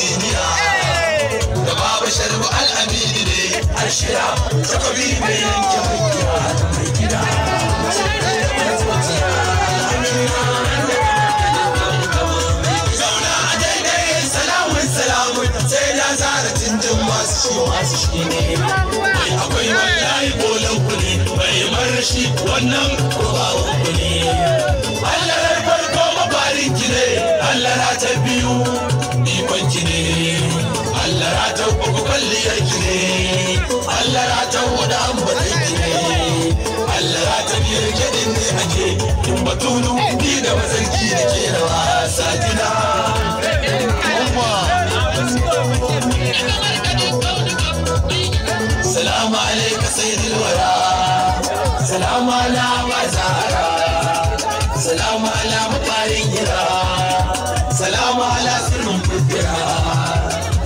injiniya da babu sharbu al'amini ne arshira takobi mai yanke mai gida da mai gida zauna a daidai salamun salamun sai na zara tintin masu shi masu shi ne akwai wallahi kuli mai marashi wannan ko ba ne soyayyar ki ne Allah ratan mu da ambatin ki ne Allah ratan ya rike din ne ake kin batulu ni da mazarki da ke da wasa gida Salamu alaika Salamu ala mazahara Salamu ala mafarin gira Salamu ala sirrin fitira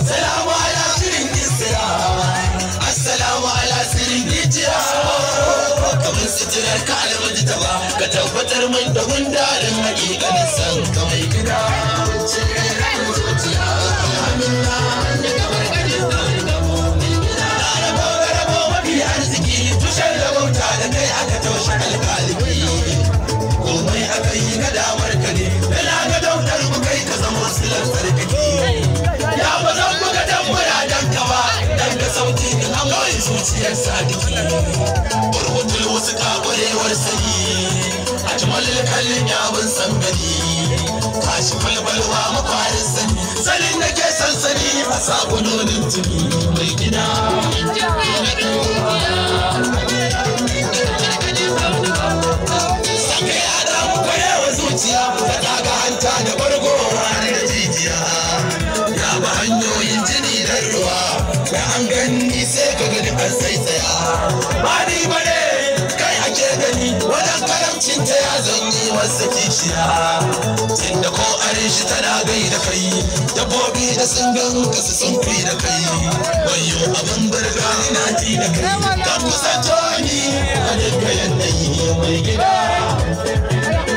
domin suturar ka alwaji ta ba ka tabbatar mai da gundarin hakikanin san ka mai gida wacce ran zuciya amin na wanda ka bar gani zan gabo mai gida rabo rabo mafi arziki tushen da bauta da kai aka taushe alƙaliki komai aka yi na damar ka ne da na ga dautar ku kai ka zama silar sarkaki ya ba zan buga tambura dan ka ba dan ka sauti in an zuciyar sadiki masu kwarewar sani a jimalin kallon yawon sangani tashi falbalwa makwarin sani sanin da ke sansani a sabulonin tuni mai gida Sake yada mu kwarewa zuciya ta daga hanta da bargowa da jijiya ya ba hanyoyin jini da ruwa da an gani sai ka gani an sai ba Yawancin ta ya zanyi wasu kishiya Tunda ko an shi tana gai da kai Dabbobi da sun ganka su sun fi da kai Wayo abin burga ni na ji da kai Ka kusa ni a duka yanayi mai gida